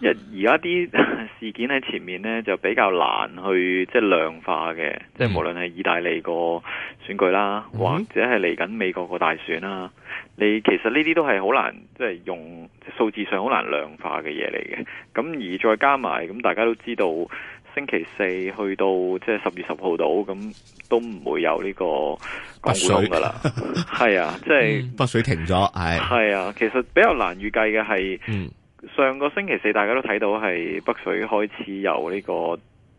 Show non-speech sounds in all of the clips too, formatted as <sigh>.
而家啲事件喺前面呢，就比較難去即係、就是、量化嘅，即係無論係意大利個選舉啦，嗯、或者係嚟緊美國個大選啦，你其實呢啲都係好難即係、就是、用數字上好難量化嘅嘢嚟嘅。咁而再加埋咁，大家都知道星期四去到即係十月十號到，咁、就是、都唔會有呢個港股通㗎喇。係 <laughs> 啊，即、就、係、是嗯、北水停咗，係係啊，其實比較難預計嘅係。嗯上個星期四大家都睇到係北水開始由呢個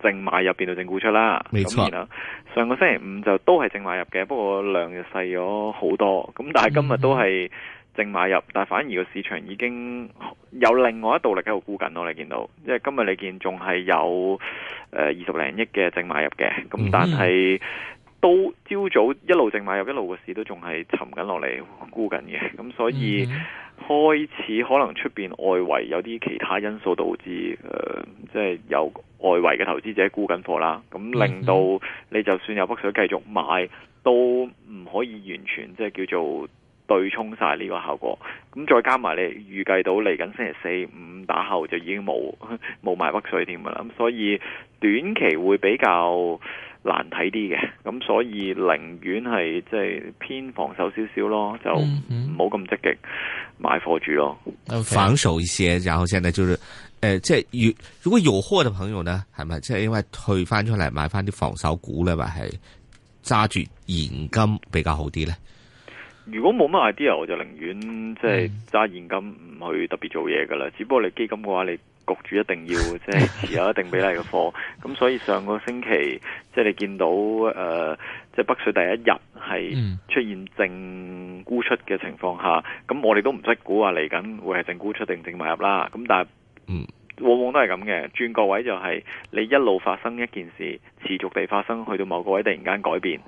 淨買入變到淨沽出啦，咁然啦。上個星期五就都係淨買入嘅，不過量就細咗好多。咁但係今日都係淨買入，嗯、但係反而個市場已經有另外一道力喺度沽緊咯你見到，因為今日你見仲係有誒二十零億嘅淨買入嘅，咁、嗯、但係都朝早一路淨買入，一路個市都仲係沉緊落嚟沽緊嘅，咁所以。嗯開始可能出面外圍有啲其他因素導致，誒、呃，即係有外圍嘅投資者沽緊貨啦，咁令到你就算有北水繼續買，都唔可以完全即係叫做對沖晒呢個效果。咁再加埋你預計到嚟緊星期四五打後就已經冇冇買北水添啦，咁所以短期會比較難睇啲嘅。咁所以寧願係即係偏防守少少咯，就。嗯嗯冇咁積極買貨住咯，防守一些，然後現在就是，誒、呃，即係如如果有貨嘅朋友呢，係咪即係因為退翻出嚟買翻啲防守股呢，或係揸住現金比較好啲呢？如果冇乜 idea，我就寧願即係揸現金唔去特別做嘢噶啦。只不過你基金嘅話，你，焗住一定要即係持有一定比例嘅貨，咁所以上個星期即係你見到誒、呃，即係北水第一日係出現淨沽出嘅情況下，咁我哋都唔識估話，嚟緊會係淨沽出定淨買入啦。咁但係往往都係咁嘅，轉個位就係你一路發生一件事，持續地發生，去到某個位突然間改變。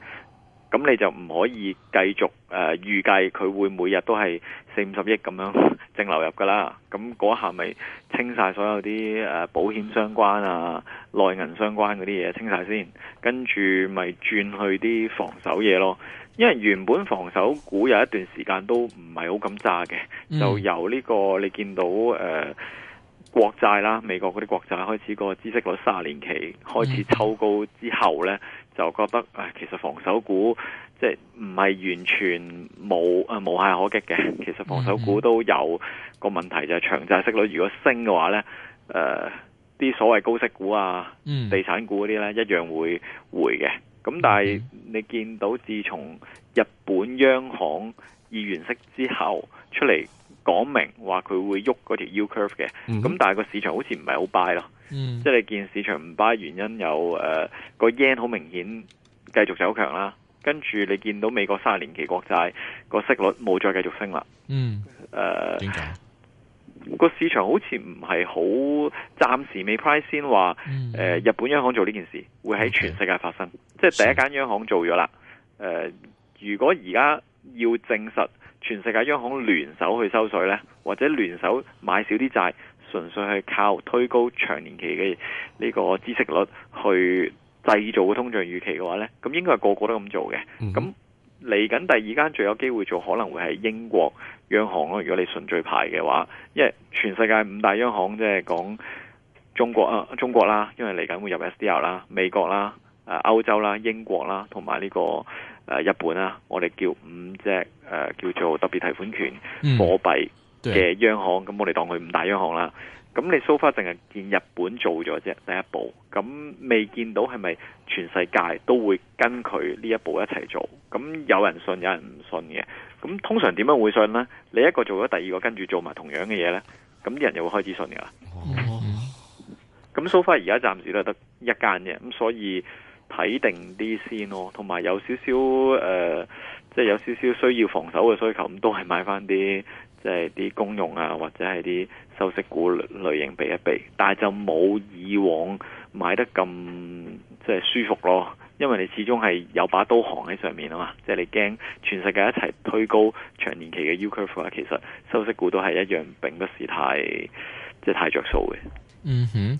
咁你就唔可以繼續誒、呃、預計佢會每日都係四五十億咁樣淨流入㗎啦。咁嗰下咪清晒所有啲誒、呃、保險相關啊、內銀相關嗰啲嘢清晒先，跟住咪轉去啲防守嘢咯。因為原本防守股有一段時間都唔係好敢揸嘅，就由呢個你見到誒、呃、國債啦，美國嗰啲國債開始個孳息率三十年期開始抽高之後呢。就覺得，其實防守股即係唔係完全無誒無懈可擊嘅。其實防守股都有個問題，就係、是、長債息率如果升嘅話咧，誒、呃，啲所謂高息股啊、地產股嗰啲咧，一樣會回嘅。咁但係你見到自從日本央行議員息之後出嚟講明話佢會喐嗰條 U curve 嘅，咁但係個市場好似唔係好 buy 咯。嗯，即係你見市場唔 buy 原因，有誒個 yen 好明顯繼續走強啦，跟住你見到美國三十年期國債個息率冇再繼續升啦。嗯，誒、呃、個市場好似唔係好暫時未 price 先話、呃嗯、日本央行做呢件事會喺全世界發生？Okay. 即係第一間央行做咗啦、呃。如果而家要證實全世界央行聯手去收水呢，或者聯手買少啲債？純粹係靠推高長年期嘅呢個孳息率去製造通脹預期嘅話呢，咁應該係個個都咁做嘅。咁嚟緊第二間最有機會做，可能會係英國央行咯。如果你順序排嘅話，因為全世界五大央行即係講中國啊、中國啦，因為嚟緊會入 SDR 啦、美國啦、啊歐洲啦、英國啦，同埋呢個誒日本啦，我哋叫五隻誒、呃、叫做特別提款權貨幣。嗯嘅央行，咁我哋當佢五大央行啦，咁你 so far 淨係見日本做咗啫第一步，咁未見到係咪全世界都會跟佢呢一步一齊做？咁有人信，有人唔信嘅。咁通常點樣會信呢？你一個做咗，第二個跟住做埋同樣嘅嘢呢，咁啲人又會開始信噶啦。咁、嗯嗯、so far 而家暫時都係得一間嘅，咁所以睇定啲先咯，同埋有，有少少誒，即、呃、係、就是、有少少需要防守嘅需求，咁都係買翻啲。即係啲公用啊，或者係啲收息股類型避一避，但係就冇以往買得咁即係舒服咯。因為你始終係有把刀行喺上面啊嘛，即係你驚全世界一齊推高長年期嘅 U curve 啊。其實收息股都係一樣，並不是太即係太着數嘅。嗯哼。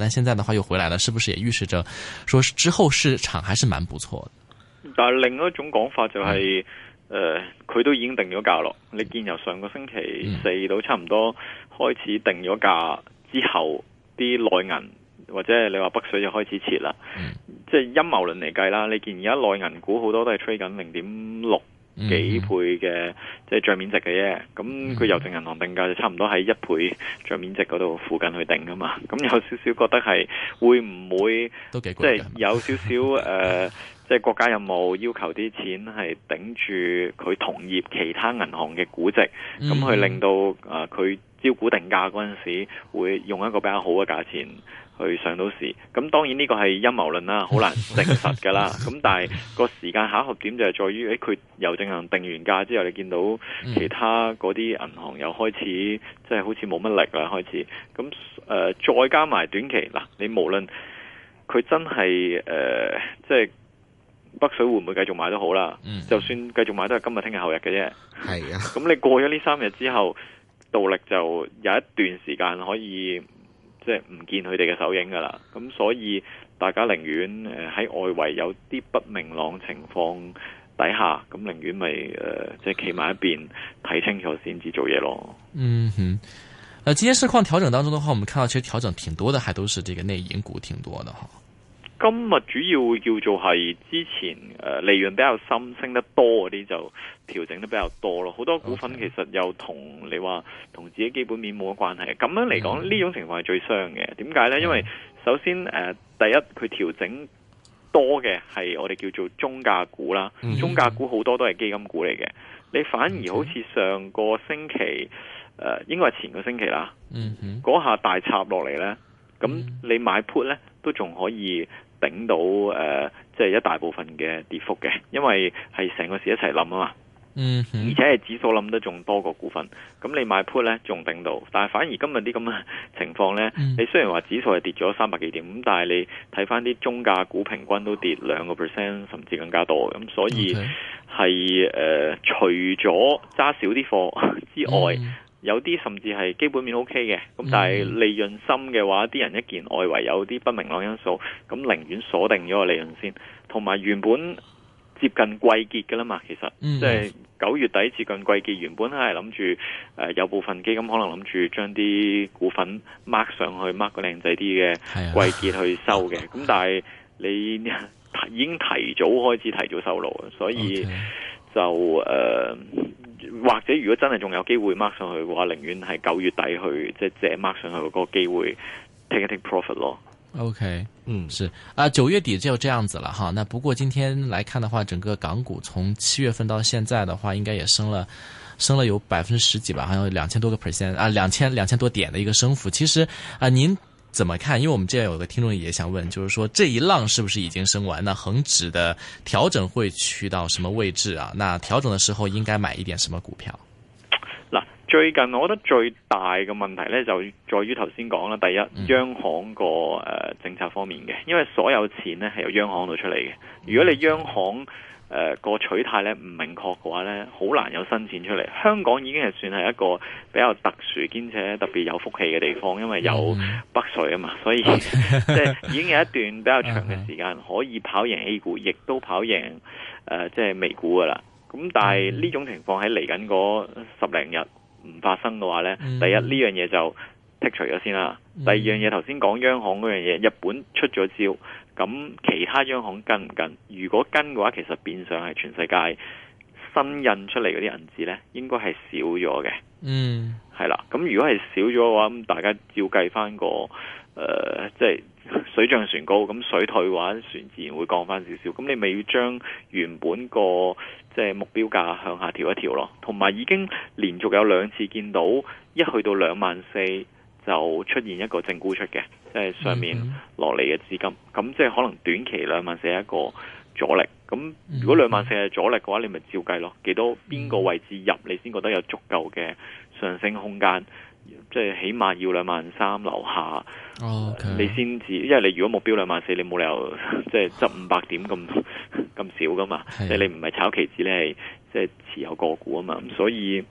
但現在的話又回來了，是不是也預示着，說之後市場還是蠻不錯的？但另一種講法就係、是，誒、嗯，佢、呃、都已經定咗價咯。你見由上個星期四到差唔多開始定咗價、嗯、之後，啲內銀或者你話北水就開始撤啦、嗯。即係陰謀論嚟計啦，你見而家內銀股好多都係吹緊零點六。嗯、幾倍嘅即係帳面值嘅啫，咁佢郵政銀行定價就差唔多喺一倍帳面值嗰度附近去定噶嘛，咁有少少覺得係會唔會即係、就是、有少少誒，即 <laughs> 係、呃就是、國家任冇要求國家任務要求啲錢係頂住佢同業其他銀行嘅估值，咁去令到啊佢、嗯呃、招股定價嗰陣時會用一個比較好嘅價錢。去上到市，咁當然呢個係陰謀論啦，好難證實噶啦。咁 <laughs> 但係個時間巧合點就係在於，誒佢又進行定完價之後，你見到其他嗰啲銀行又開始，即係好似冇乜力啦，開始咁、呃、再加埋短期嗱，你無論佢真係誒，即係北水會唔會繼續買都好啦， <laughs> 就算繼續買都係今日、聽日、後日嘅啫。係啊，咁你過咗呢三日之後，道力就有一段時間可以。即係唔見佢哋嘅手影㗎喇，咁所以大家寧願誒喺外圍有啲不明朗情況底下，咁寧願咪誒、呃、即係企埋一邊睇清楚先至做嘢咯。嗯哼，誒、呃，今天市況調整當中嘅話，我們看到其實調整挺多的，還都是這個內銀股挺多的哈。今日主要叫做係之前誒、呃、利潤比較深，升得多嗰啲就調整得比較多咯，好多股份其實又同你話同自己基本面冇乜關係，咁樣嚟講呢種情況係最傷嘅。點解呢？因為首先誒、呃、第一佢調整多嘅係我哋叫做中價股啦，中價股好多都係基金股嚟嘅。你反而好似上個星期誒、呃，應該係前個星期啦，嗰、okay. 下大插落嚟呢。咁你買 put 呢，都仲可以。頂到誒、呃，即係一大部分嘅跌幅嘅，因為係成個市一齊冧啊嘛。嗯、mm -hmm.，而且係指數冧得仲多過股份。咁你買 put 咧，仲頂到。但係反而今日啲咁嘅情況咧，mm -hmm. 你雖然話指數係跌咗三百幾點，咁但係你睇翻啲中價股平均都跌兩個 percent，甚至更加多。咁所以係誒、okay. 呃，除咗揸少啲貨之外。Mm -hmm. 有啲甚至係基本面 OK 嘅，咁但係利潤深嘅話，啲人一見外圍有啲不明朗因素，咁寧願鎖定咗個利潤先。同埋原本接近季結㗎啦嘛，其實即係九月底接近季結，原本係諗住有部分基金可能諗住將啲股份 mark 上去，上去 mark 個靚仔啲嘅季結去收嘅。咁 <laughs> 但係你已經提早開始提早收勞，所以就、okay. 呃或者如果真係仲有機會 mark 上去嘅話，寧願係九月底去即係 mark 上去嗰個機會 take 一 take profit 咯。OK，嗯，是啊，九月底就這樣子啦哈。那不過今天來看的話，整個港股從七月份到現在的話，應該也升了升了有百分之十幾吧，好像兩千多個 percent 啊，兩千兩千多點的一個升幅。其實啊，您。怎麼看？因為我們之前有個聽眾也想問，就是說這一浪是不是已經升完？那恒指的調整會去到什麼位置啊？那調整的時候應該買一點什麼股票？嗱，最近我覺得最大嘅問題呢，就在於頭先講啦，第一央行個誒、嗯呃、政策方面嘅，因為所有錢呢係由央行度出嚟嘅，如果你央行，誒、呃那個取態咧唔明確嘅話咧，好難有新錢出嚟。香港已經係算係一個比較特殊兼且特別有福氣嘅地方，因為有北水啊嘛，所以、mm -hmm. 即係已經有一段比較長嘅時間可以跑贏 A 股，亦、uh、都 -huh. 跑贏、呃、即係美股噶啦。咁但係呢種情況喺嚟緊嗰十零日唔發生嘅話咧，mm -hmm. 第一呢樣嘢就。剔除咗先啦。第二樣嘢頭先講央行嗰樣嘢，日本出咗招，咁其他央行跟唔跟？如果跟嘅話，其實變相係全世界新印出嚟嗰啲銀紙呢，應該係少咗嘅。嗯，係啦。咁如果係少咗嘅話，咁大家照計翻個誒，即係水漲船高，咁水退嘅話，船自然會降翻少少。咁你咪要將原本個即係目標價向下調一調咯。同埋已經連續有兩次見到一去到兩萬四。就出現一個正沽出嘅，即係上面落嚟嘅資金，咁、嗯嗯、即係可能短期兩萬四一個阻力。咁如果兩萬四係阻力嘅話，你咪照計咯。幾多邊個位置入你先覺得有足夠嘅上升空間？即係起碼要兩萬三樓下，哦 okay. 你先至。因為你如果目標兩萬四，你冇理由即係執五百點咁咁少噶嘛。即係你唔係炒期指，你係即係持有個股啊嘛。咁所以。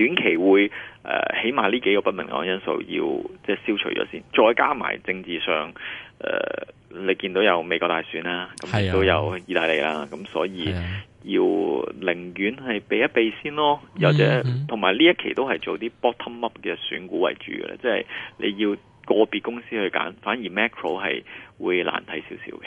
短期會誒、呃，起碼呢幾個不明朗因素要即係消除咗先，再加埋政治上誒、呃，你見到有美國大選啦、啊，咁亦、啊、都有意大利啦、啊，咁所以要寧願係避一避先咯。者啊、有者同埋呢一期都係做啲 bottom up 嘅選股為主嘅，即係你要個別公司去揀，反而 macro 係會難睇少少嘅。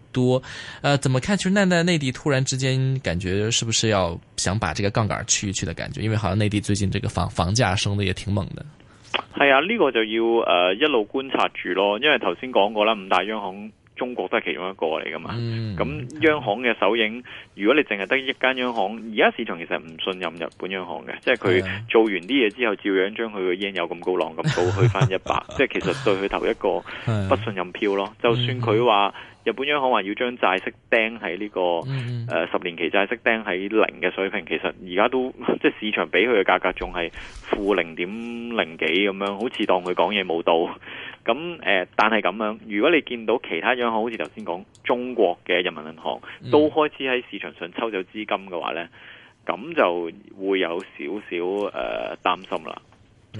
多，誒、呃，怎麼看？其實奈奈內地突然之間感覺，是不是要想把這個槓杆去一去的感覺？因為好像內地最近這個房房價升得也挺猛的。係啊，呢、這個就要誒、呃、一路觀察住咯。因為頭先講過啦，五大央行中國都係其中一個嚟噶嘛。咁、嗯、央行嘅首映，如果你淨係得一間央行，而家市場其實唔信任日本央行嘅，即係佢做完啲嘢之後，照、啊、樣將佢嘅煙油有咁高浪咁倒 <laughs> 去翻一百，即係其實對佢投一個不信任票咯。啊、就算佢話。嗯嗯日本央行話要將債息釘喺呢、這個誒、mm -hmm. 呃、十年期債息釘喺零嘅水平，其實而家都即係市場俾佢嘅價格仲係負零點零幾咁樣，好似當佢講嘢冇到咁誒、呃。但係咁樣，如果你見到其他央行好似頭先講中國嘅人民銀行都開始喺市場上抽走資金嘅話呢，咁就會有少少誒擔心啦。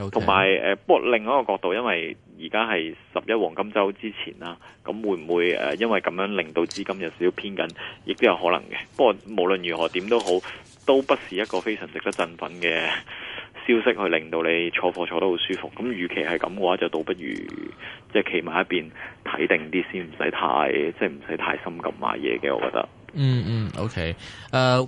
同埋誒，不過另外一個角度，因為而家係十一黃金周之前啦，咁會唔會誒，因為咁樣令到資金有少少偏緊，亦都有可能嘅。不過無論如何，點都好，都不是一個非常值得振奮嘅消息，去令到你坐貨坐得好舒服。咁與其係咁嘅話，就倒不如即係企埋一邊睇定啲先，唔使太即係唔使太深咁買嘢嘅。我覺得，嗯嗯，OK，誒、uh...。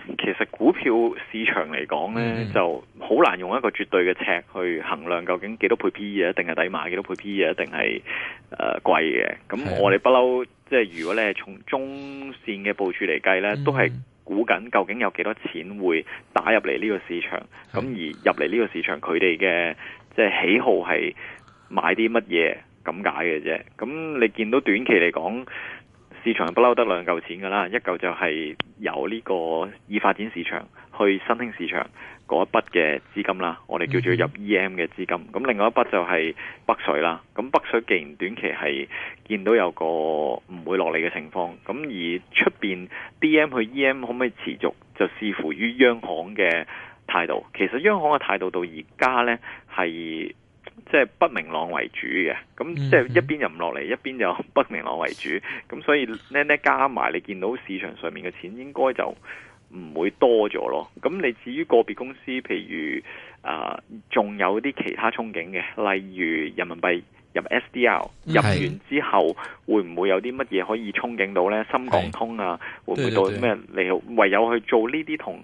其實股票市場嚟講呢，嗯、就好難用一個絕對嘅尺去衡量究竟幾多倍 P E 一定係抵買，幾多倍 P E 一定係誒貴嘅。咁、呃、我哋不嬲，即係如果咧從中線嘅部署嚟計呢，嗯、都係估緊究竟有幾多錢會打入嚟呢個市場。咁、嗯、而入嚟呢個市場，佢哋嘅即係喜好係買啲乜嘢咁解嘅啫。咁你見到短期嚟講。市場不嬲得兩嚿錢㗎啦，一嚿就係由呢個已發展市場去新興市場嗰一筆嘅資金啦，我哋叫做入 EM 嘅資金。咁另外一筆就係北水啦。咁北水既然短期係見到有個唔會落嚟嘅情況，咁而出邊 DM 去 EM 可唔可以持續，就視乎於央行嘅態度。其實央行嘅態度到而家呢係。即係不明朗為主嘅，咁即係一邊又唔落嚟，一邊又不明朗為主，咁所以呢，咧加埋，你見到市場上面嘅錢應該就唔會多咗咯。咁你至於個別公司，譬如啊，仲、呃、有啲其他憧憬嘅，例如人民幣入 SDR 入完之後，會唔會有啲乜嘢可以憧憬到呢？深港通啊，會唔會到咩？你唯有去做呢啲同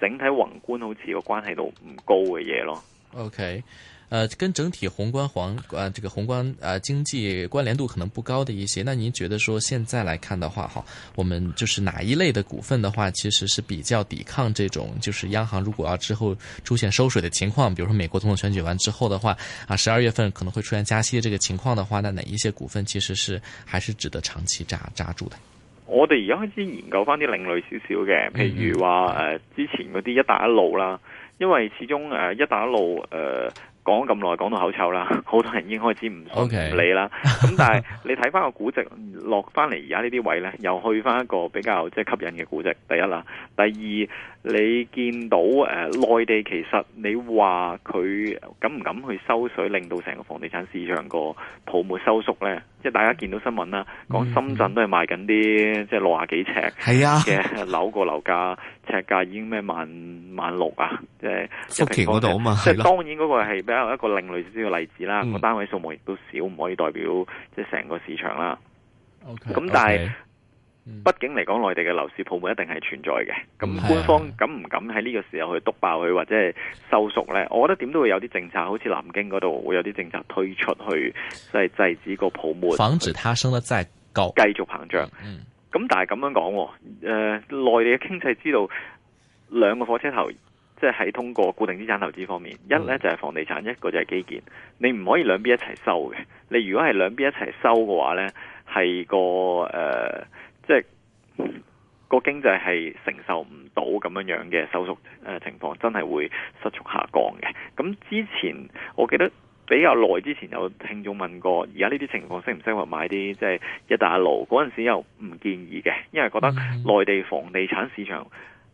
整體宏觀好似個關係都唔高嘅嘢咯。OK。呃，跟整體宏觀環呃這個宏觀呃經濟關聯度可能不高的一些，那您覺得說現在來看的話，哈，我們就是哪一類的股份的話，其實是比較抵抗這種就是央行如果要之後出現收水的情況，比如說美國總統選舉完之後的話，啊，十二月份可能會出現加息的這個情況的話，那哪一些股份其實是還是值得長期揸揸住的？我哋而家開始研究翻啲另類少少嘅，譬如話呃之前嗰啲一帶一路啦，因為始終，啊，一帶一路，呃講咁耐，講到口臭啦，好多人已經開始唔信唔理啦。咁但係你睇翻個估值落翻嚟，而家呢啲位咧，又去翻一個比較即係吸引嘅估值。第一啦，第二你見到誒內地其實你話佢敢唔敢去收水，令到成個房地産市場個泡沫收縮咧？即係大家見到新聞啦，講深圳都係賣緊啲即係六廿幾尺係啊嘅樓個樓價。尺價已經咩萬萬六啊，即係一平方度啊嘛，即係當然嗰個係比較一個另類少少嘅例子啦。個、嗯、單位數目亦都少，唔可以代表即係成個市場啦。咁、okay, 但係、okay, 嗯，畢竟嚟講，內地嘅樓市泡沫一定係存在嘅。咁、嗯、官方敢唔敢喺呢個時候去督爆佢或者係收縮呢？我覺得點都會有啲政策，好似南京嗰度會有啲政策推出去，即係制止個泡沫續，防止它升得再高繼續膨脹。嗯咁但係咁樣講，誒、呃、內地嘅經濟知道兩個火車頭，即係喺通過固定資產投資方面，一咧就係、是、房地產，一個就係基建。你唔可以兩邊一齊收嘅。你如果係兩邊一齊收嘅話呢，係個誒，即、呃、係、就是、個經濟係承受唔到咁樣樣嘅收縮、呃、情況，真係會失速下降嘅。咁之前我記得。比較耐之前有聽眾問過，而家呢啲情況適唔適合買啲即係一帶一路？嗰陣時又唔建議嘅，因為覺得內地房地產市場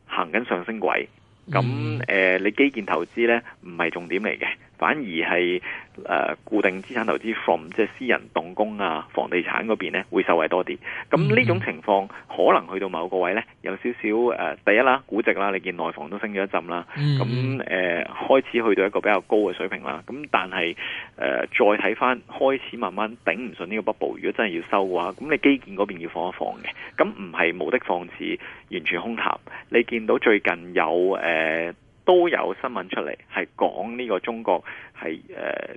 行緊上升軌，咁誒、呃、你基建投資呢，唔係重點嚟嘅。反而係誒、呃、固定資產投資 from 即係私人動工啊，房地產嗰邊咧會受惠多啲。咁呢種情況、mm -hmm. 可能去到某個位咧，有少少誒、呃。第一啦，估值啦，你見內房都升咗一陣啦。咁、mm、誒 -hmm. 呃、開始去到一個比較高嘅水平啦。咁但係誒、呃、再睇翻，開始慢慢頂唔順呢個 bubble 如果真係要收嘅話，咁你基建嗰邊要放一放嘅。咁唔係無的放矢，完全空談。你見到最近有誒。呃都有新聞出嚟，係講呢個中國係、呃、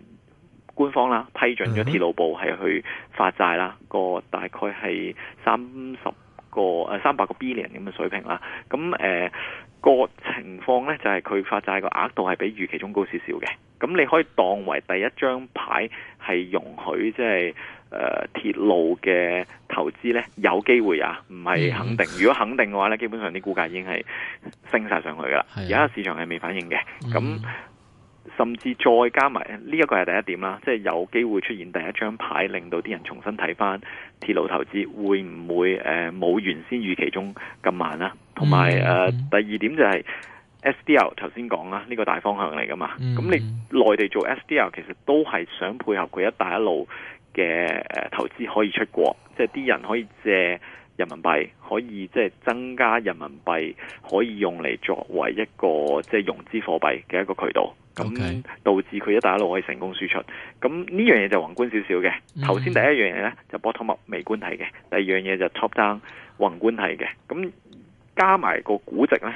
官方啦批准咗鐵路部係去發債啦，個大概係三十個、呃、三百個 billion 咁嘅水平啦。咁、嗯、個、呃、情況呢，就係、是、佢發債個額度係比預期中高少少嘅。咁你可以當為第一張牌係容許即係誒鐵路嘅投資呢，有機會啊，唔係肯定、嗯。如果肯定嘅話呢，基本上啲股價已經係升晒上去㗎啦。而家市場係未反映嘅，咁、嗯、甚至再加埋呢一個係第一點啦，即、就、係、是、有機會出現第一張牌，令到啲人重新睇翻鐵路投資會唔會誒冇、呃、原先預期中咁慢啦？同埋誒第二點就係、是。S D L 頭先講啦，呢、這個大方向嚟噶嘛？咁、嗯、你內地做 S D L 其實都係想配合佢一帶一路嘅誒投資可以出國，即係啲人可以借人民幣，可以即係增加人民幣可以用嚟作為一個即係融資貨幣嘅一個渠道，咁、okay. 導致佢一帶一路可以成功輸出。咁呢樣嘢就宏觀少少嘅。頭、嗯、先第一樣嘢咧就 bottom up 微觀睇嘅，第二樣嘢就 top down 宏觀睇嘅。咁加埋個估值咧。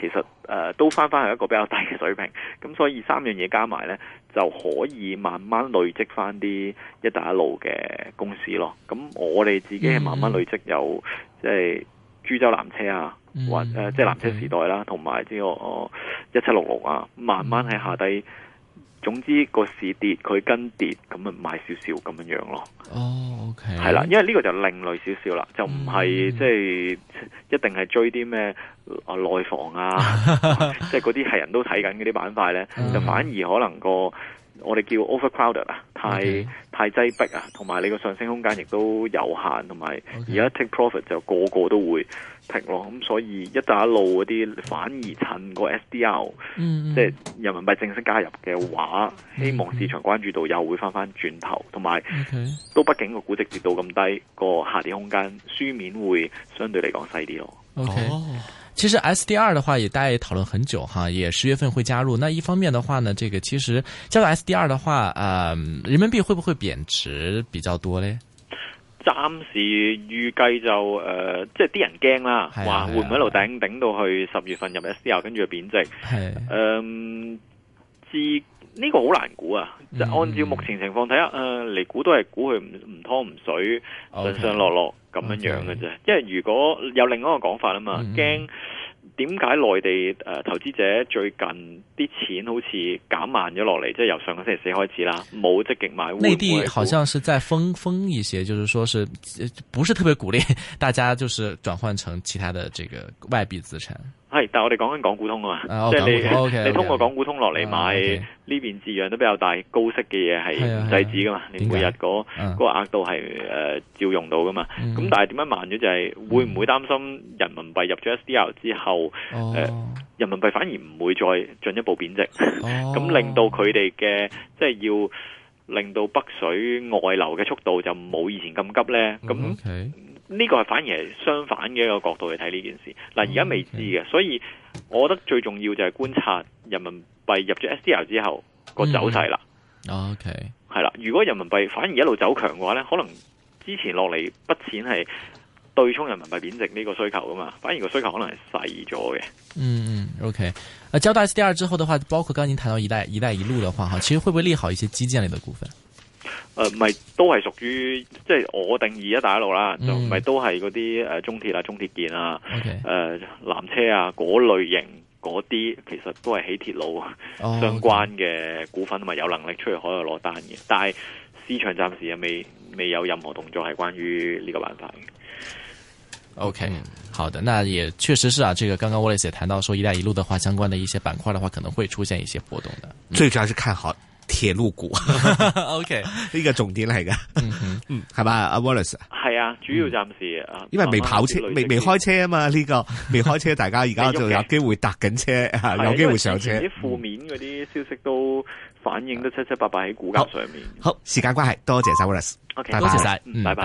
其實誒、呃、都翻翻去一個比較低嘅水平，咁所以三樣嘢加埋呢，就可以慢慢累積翻啲一,一帶一路嘅公司咯。咁我哋自己係慢慢累積有即係株洲南車啊，mm. 或即係南車時代啦、啊，同埋呢個一七六六啊，慢慢喺下低。總之個市跌佢跟跌，咁咪賣少少咁樣囉。咯。哦，OK，係啦，因為呢個就另類少少啦，就唔係、嗯、即係一定係追啲咩、啊、內房啊，即係嗰啲係人都睇緊嗰啲板塊咧、嗯，就反而可能個。我哋叫 overcrowded 啊，太、okay. 太擠迫啊，同埋你個上升空間亦都有限，同埋而家 take profit 就個個都會停咯，咁所以一帶一路嗰啲反而趁個 SDR，即係人民幣正式加入嘅話，希望市場關注度又會翻翻轉頭，同、mm、埋 -hmm. okay. 都畢竟個估值跌到咁低，個下跌空間書面會相對嚟講細啲咯。Okay. Oh. 其實 SDR 的話，也大家也討論很久哈，也十月份會加入。那一方面的話呢，這個其實加入 SDR 的話，啊、呃，人民幣會不會貶值比較多呢？暫時預計就誒、呃，即係啲人驚啦，話會唔會喺度頂頂到去十月份入 SDR，跟住就貶值。係、啊、呃呢、這個好難估啊！就按照目前情況睇下，誒、嗯、嚟、呃、估都係估佢唔唔湯唔水，上上落落咁樣樣嘅啫。因為如果有另一個講法啊嘛，驚點解內地投資者最近啲錢好似減慢咗落嚟？即、就、係、是、由上個星期四開始啦，冇積極買。內地好像是在封封一些，就是說是不是特別鼓勵大家就是轉換成其他的這個外幣資產？係，但係我哋講緊港股通啊嘛，即係你你通過港股通落嚟買呢邊字樣都比較大高息嘅嘢係唔制止噶嘛？你每日嗰嗰個額度係誒照用到噶嘛？咁但係點樣慢咗就係會唔會擔心人民幣入咗 SDR 之後，誒，人民幣反而唔會再進一步貶值，咁令到佢哋嘅即係要令到北水外流嘅速度就冇以前咁急咧？咁。呢、這個係反而係相反嘅一個角度去睇呢件事。嗱，而家未知嘅，okay. 所以我覺得最重要就係觀察人民幣入咗 SDR 之後個走勢啦、嗯。OK，係啦。如果人民幣反而一路走強嘅話咧，可能之前落嚟筆錢係對沖人民幣貶值呢個需求噶嘛，反而個需求可能係細咗嘅。嗯嗯，OK。啊，交代 SDR 之後的話，包括剛才您談到一帶一帶一路的話，其實會不會利好一些基建類的股份？誒、呃，唔係都係屬於即係我定義一帶一路啦，就、嗯、唔係都係嗰啲誒，中鐵啊、中鐵建啊、誒，南車啊嗰類型嗰啲，其實都係起鐵路相關嘅股份同埋、oh, okay. 有，有能力出去海外攞單嘅。但係市場暫時又未未有任何動作係關於呢個板塊。OK，、嗯、好的，那也確實是啊，這個剛剛我哋 Wallace 談到說，一帶一路的話，相關的一些板塊的話，可能會出現一些波動的。嗯、最主要是看好。鐵路股，OK，呢個重點嚟噶，係 <laughs> 嘛、嗯，阿 Wallace？係啊，主要暫時啊，因為未跑車，未、嗯、未開車啊嘛，呢、這個未開車， <laughs> 大家而家就有機會搭緊車， <laughs> 有機會上車。啲負面啲消息都反映得七七八八喺股價上面。好，好時間關係，多謝晒 Wallace，OK，、okay, 多謝晒、嗯，拜拜。